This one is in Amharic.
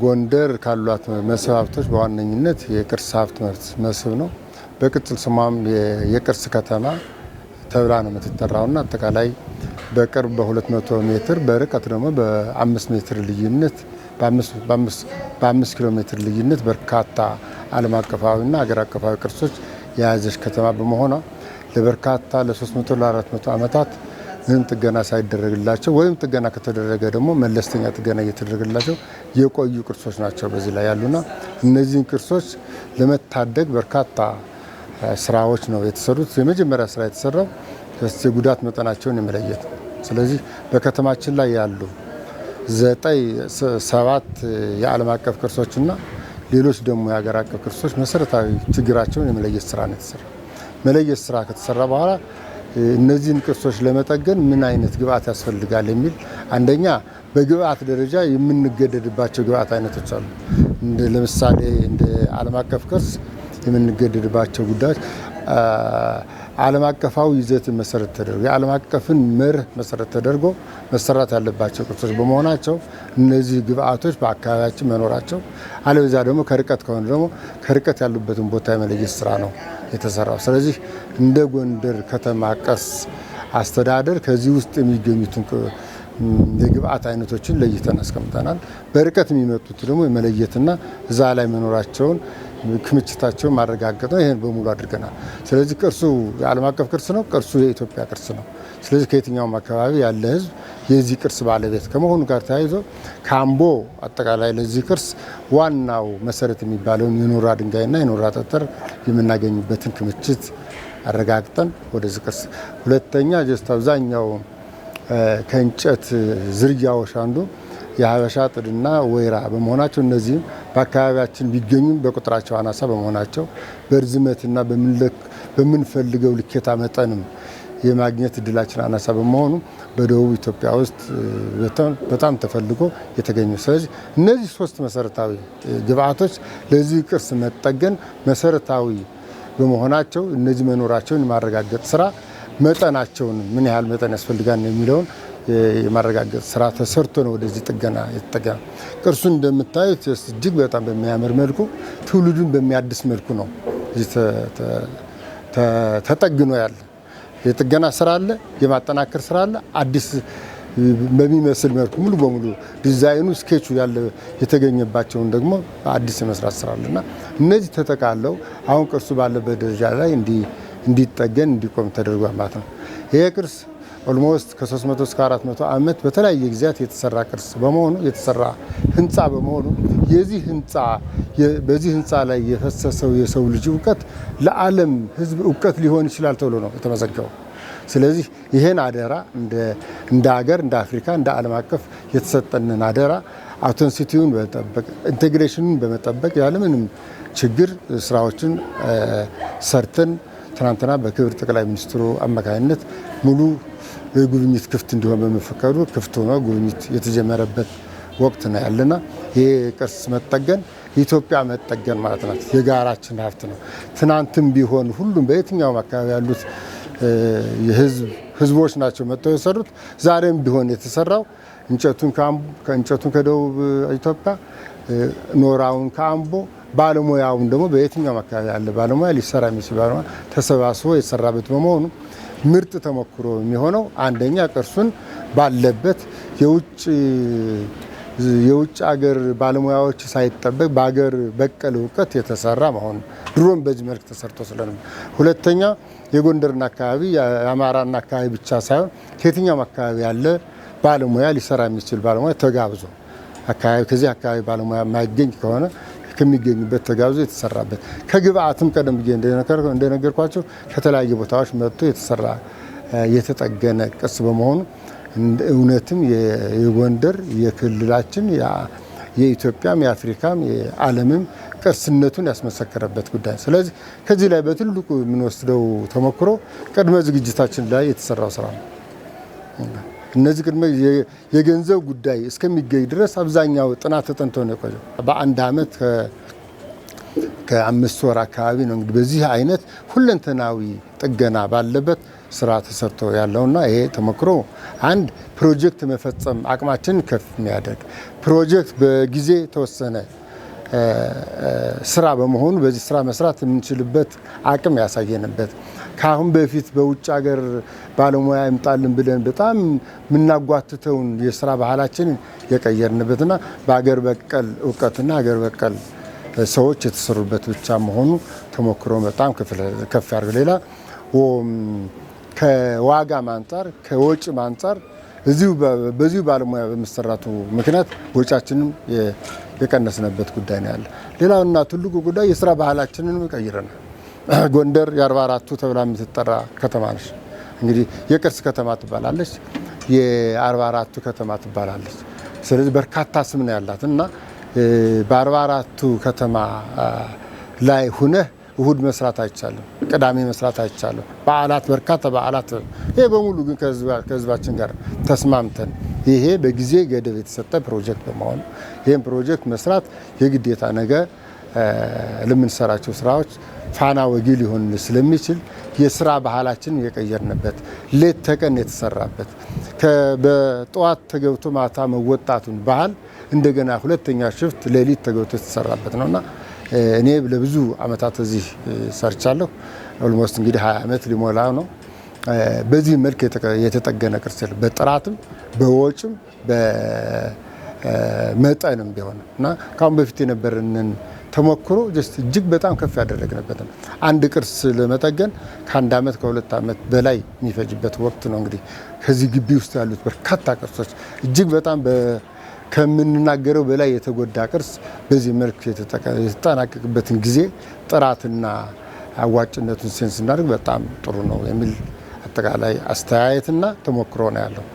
ጎንደር ካሏት መስህብ ሀብቶች በዋነኝነት የቅርስ ሀብት መስህብ ነው። በቅጽል ስሟም የቅርስ ከተማ ተብላ ነው የምትጠራውና አጠቃላይ በቅርብ በ200 ሜትር በርቀት ደግሞ 5 ሜትር ልዩነት በ5 ኪሎ ሜትር ልዩነት በርካታ ዓለም አቀፋዊና አገር አቀፋዊ ቅርሶች የያዘች ከተማ በመሆኗ ለበርካታ ለ300 ለ400 ዓመታት ምንም ጥገና ሳይደረግላቸው ወይም ጥገና ከተደረገ ደግሞ መለስተኛ ጥገና እየተደረገላቸው የቆዩ ቅርሶች ናቸው በዚህ ላይ ያሉና እነዚህን ቅርሶች ለመታደግ በርካታ ስራዎች ነው የተሰሩት። የመጀመሪያ ስራ የተሰራው የጉዳት መጠናቸውን የመለየት ስለዚህ በከተማችን ላይ ያሉ ዘጠኝ ሰባት የዓለም አቀፍ ቅርሶችና ሌሎች ደግሞ የሀገር አቀፍ ቅርሶች መሰረታዊ ችግራቸውን የመለየት ስራ ነው የተሰራ። መለየት ስራ ከተሰራ በኋላ እነዚህን ቅርሶች ለመጠገን ምን አይነት ግብአት ያስፈልጋል የሚል አንደኛ በግብአት ደረጃ የምንገደድባቸው ግብአት አይነቶች አሉ። ለምሳሌ እንደ ዓለም አቀፍ ቅርስ የምንገደድባቸው ጉዳዮች ዓለም አቀፋዊ ይዘትን መሰረት ተደርጎ የዓለም አቀፍን መርህ መሰረት ተደርጎ መሰራት ያለባቸው ቅርሶች በመሆናቸው እነዚህ ግብአቶች በአካባቢያችን መኖራቸው፣ አለበዛ ደግሞ ከርቀት ከሆነ ደግሞ ከርቀት ያሉበትን ቦታ የመለየት ስራ ነው የተሰራው። ስለዚህ እንደ ጎንደር ከተማ ቅርስ አስተዳደር ከዚህ ውስጥ የሚገኙትን የግብአት አይነቶችን ለይተን አስቀምጠናል። በርቀት የሚመጡት ደግሞ የመለየትና እዛ ላይ መኖራቸውን ክምችታቸውን ማረጋገጥ ነው። ይህን በሙሉ አድርገናል። ስለዚህ ቅርሱ የዓለም አቀፍ ቅርስ ነው። ቅርሱ የኢትዮጵያ ቅርስ ነው። ስለዚህ ከየትኛውም አካባቢ ያለ ህዝብ የዚህ ቅርስ ባለቤት ከመሆኑ ጋር ተያይዞ ከአምቦ አጠቃላይ ለዚህ ቅርስ ዋናው መሰረት የሚባለውን የኖራ ድንጋይና የኖራ ጠጠር የምናገኝበትን ክምችት አረጋግጠን ወደዚህ ቅርስ ሁለተኛ ጀስት አብዛኛው ከእንጨት ዝርያዎች አንዱ የሀበሻ ጥድና ወይራ በመሆናቸው እነዚህም በአካባቢያችን ቢገኙም በቁጥራቸው አናሳ በመሆናቸው በርዝመትና በምንፈልገው ልኬታ መጠንም የማግኘት እድላችን አናሳ በመሆኑ በደቡብ ኢትዮጵያ ውስጥ በጣም ተፈልጎ የተገኘ። ስለዚህ እነዚህ ሶስት መሰረታዊ ግብአቶች ለዚህ ቅርስ መጠገን መሰረታዊ በመሆናቸው እነዚህ መኖራቸውን የማረጋገጥ ስራ መጠናቸውን ምን ያህል መጠን ያስፈልጋል የሚለውን የማረጋገጥ ስራ ተሰርቶ ነው ወደዚህ ጥገና የተጠጋ። ቅርሱ እንደምታዩት እጅግ በጣም በሚያምር መልኩ ትውልዱን በሚያድስ መልኩ ነው ተጠግኖ ያለ። የጥገና ስራ አለ፣ የማጠናከር ስራ አለ። አዲስ በሚመስል መልኩ ሙሉ በሙሉ ዲዛይኑ ስኬቹ ያለ የተገኘባቸውን ደግሞ አዲስ የመስራት ስራ አለና እነዚህ ተጠቃለው አሁን ቅርሱ ባለበት ደረጃ ላይ እንዲጠገን እንዲቆም ተደርጓ ማለት ነው ይሄ ቅርስ ኦልሞስት ከ300 እስከ 400 ዓመት በተለያየ ጊዜያት የተሰራ ቅርስ በመሆኑ የተሰራ ህንፃ በመሆኑ የዚህ ህንፃ በዚህ ህንፃ ላይ የፈሰሰው የሰው ልጅ እውቀት ለዓለም ህዝብ እውቀት ሊሆን ይችላል ተብሎ ነው የተመዘገበው። ስለዚህ ይሄን አደራ እንደ ሀገር፣ እንደ አፍሪካ፣ እንደ ዓለም አቀፍ የተሰጠንን አደራ አውተንሲቲውን በመጠበቅ ኢንቴግሬሽንን በመጠበቅ ያለምንም ችግር ስራዎችን ሰርተን ትናንትና በክብር ጠቅላይ ሚኒስትሩ አማካኝነት ሙሉ ጉብኝት ክፍት እንዲሆን በመፈቀዱ ክፍት ሆኖ ጉብኝት የተጀመረበት ወቅት ነው ያለና ይሄ ቅርስ መጠገን ኢትዮጵያ መጠገን ማለት ናት። የጋራችን ሀብት ነው። ትናንትም ቢሆን ሁሉም በየትኛውም አካባቢ ያሉት ህዝቦች ናቸው መጥተው የሰሩት። ዛሬም ቢሆን የተሰራው እንጨቱን ከደቡብ ኢትዮጵያ ኖራውን ከአምቦ ባለሙያውን ደግሞ በየትኛውም አካባቢ ያለ ባለሙያ ሊሰራ የሚችል ባለሙያ ተሰባስቦ የተሰራበት በመሆኑ ምርጥ ተሞክሮ የሚሆነው አንደኛ ቅርሱን ባለበት የውጭ የውጭ አገር ባለሙያዎች ሳይጠበቅ በአገር በቀል እውቀት የተሰራ መሆኑ ድሮም በዚህ መልክ ተሰርቶ ስለነበር፣ ሁለተኛ የጎንደርን አካባቢ የአማራን አካባቢ ብቻ ሳይሆን ከየትኛውም አካባቢ ያለ ባለሙያ ሊሰራ የሚችል ባለሙያ ተጋብዞ አካባቢ ከዚህ አካባቢ ባለሙያ የማይገኝ ከሆነ ከሚገኙበት ተጋብዞ የተሰራበት ከግብአትም ቀደም ብዬ እንደነገርኳቸው ከተለያዩ ቦታዎች መጥቶ የተሰራ የተጠገነ ቅርስ በመሆኑ እውነትም የጎንደር የክልላችን የኢትዮጵያም የአፍሪካም የዓለምም ቅርስነቱን ያስመሰከረበት ጉዳይ። ስለዚህ ከዚህ ላይ በትልቁ የምንወስደው ተሞክሮ ቅድመ ዝግጅታችን ላይ የተሰራው ስራ ነው። እነዚህ ቅድመ የገንዘብ ጉዳይ እስከሚገኝ ድረስ አብዛኛው ጥናት ተጠንቶ ነው የቆየው። በአንድ ዓመት ከአምስት ወር አካባቢ ነው እንግዲህ በዚህ አይነት ሁለንተናዊ ጥገና ባለበት ስራ ተሰርቶ ያለውና ይሄ ተሞክሮ አንድ ፕሮጀክት መፈጸም አቅማችንን ከፍ የሚያደርግ ፕሮጀክት በጊዜ ተወሰነ ስራ በመሆኑ በዚህ ስራ መስራት የምንችልበት አቅም ያሳየንበት ከአሁን በፊት በውጭ ሀገር ባለሙያ ይምጣልን ብለን በጣም የምናጓትተውን የስራ ባህላችንን የቀየርንበትና በሀገር በቀል እውቀትና ሀገር በቀል ሰዎች የተሰሩበት ብቻ መሆኑ ተሞክሮ በጣም ከፍ ያርገው። ሌላ ከዋጋም አንጻር ከወጭም አንጻር በዚሁ ባለሙያ በመሰራቱ ምክንያት ወጫችንም የቀነስንበት ጉዳይ ነው ያለ። ሌላውና ትልቁ ጉዳይ የስራ ባህላችንን ቀይረናል። ጎንደር የአርባ አራቱ ተብላ የምትጠራ ከተማ ነች። እንግዲህ የቅርስ ከተማ ትባላለች፣ የአርባ አራቱ ከተማ ትባላለች። ስለዚህ በርካታ ስም ነው ያላት እና በአርባ አራቱ ከተማ ላይ ሁነህ እሁድ መስራት አይቻልም፣ ቅዳሜ መስራት አይቻልም። በዓላት በርካታ በዓላት ይሄ በሙሉ ግን ከህዝባችን ጋር ተስማምተን ይሄ በጊዜ ገደብ የተሰጠ ፕሮጀክት በመሆኑ ይህም ፕሮጀክት መስራት የግዴታ ነገ ለምንሰራቸው ስራዎች ፋና ወጊ ሊሆን ስለሚችል የስራ ባህላችን የቀየርንበት ሌት ተቀን የተሰራበት በጠዋት ተገብቶ ማታ መወጣቱን ባህል እንደገና ሁለተኛ ሽፍት ሌሊት ተገብቶ የተሰራበት ነውና እኔ ለብዙ አመታት እዚህ ሰርቻለሁ። ኦልሞስት እንግዲህ ሀያ ዓመት ሊሞላ ነው። በዚህ መልክ የተጠገነ ቅርስ በጥራትም በወጭም በመጠንም ቢሆን እና ከአሁን በፊት የነበረንን ተሞክሮ ጀስት እጅግ በጣም ከፍ ያደረግንበት ነው። አንድ ቅርስ ለመጠገን ከአንድ ዓመት ከሁለት ዓመት በላይ የሚፈጅበት ወቅት ነው። እንግዲህ ከዚህ ግቢ ውስጥ ያሉት በርካታ ቅርሶች እጅግ በጣም ከምንናገረው በላይ የተጎዳ ቅርስ በዚህ መልክ የተጠናቀቅበትን ጊዜ ጥራትና አዋጭነቱን ሴንስ ስናደርግ በጣም ጥሩ ነው የሚል አጠቃላይ አስተያየትና ተሞክሮ ነው ያለው።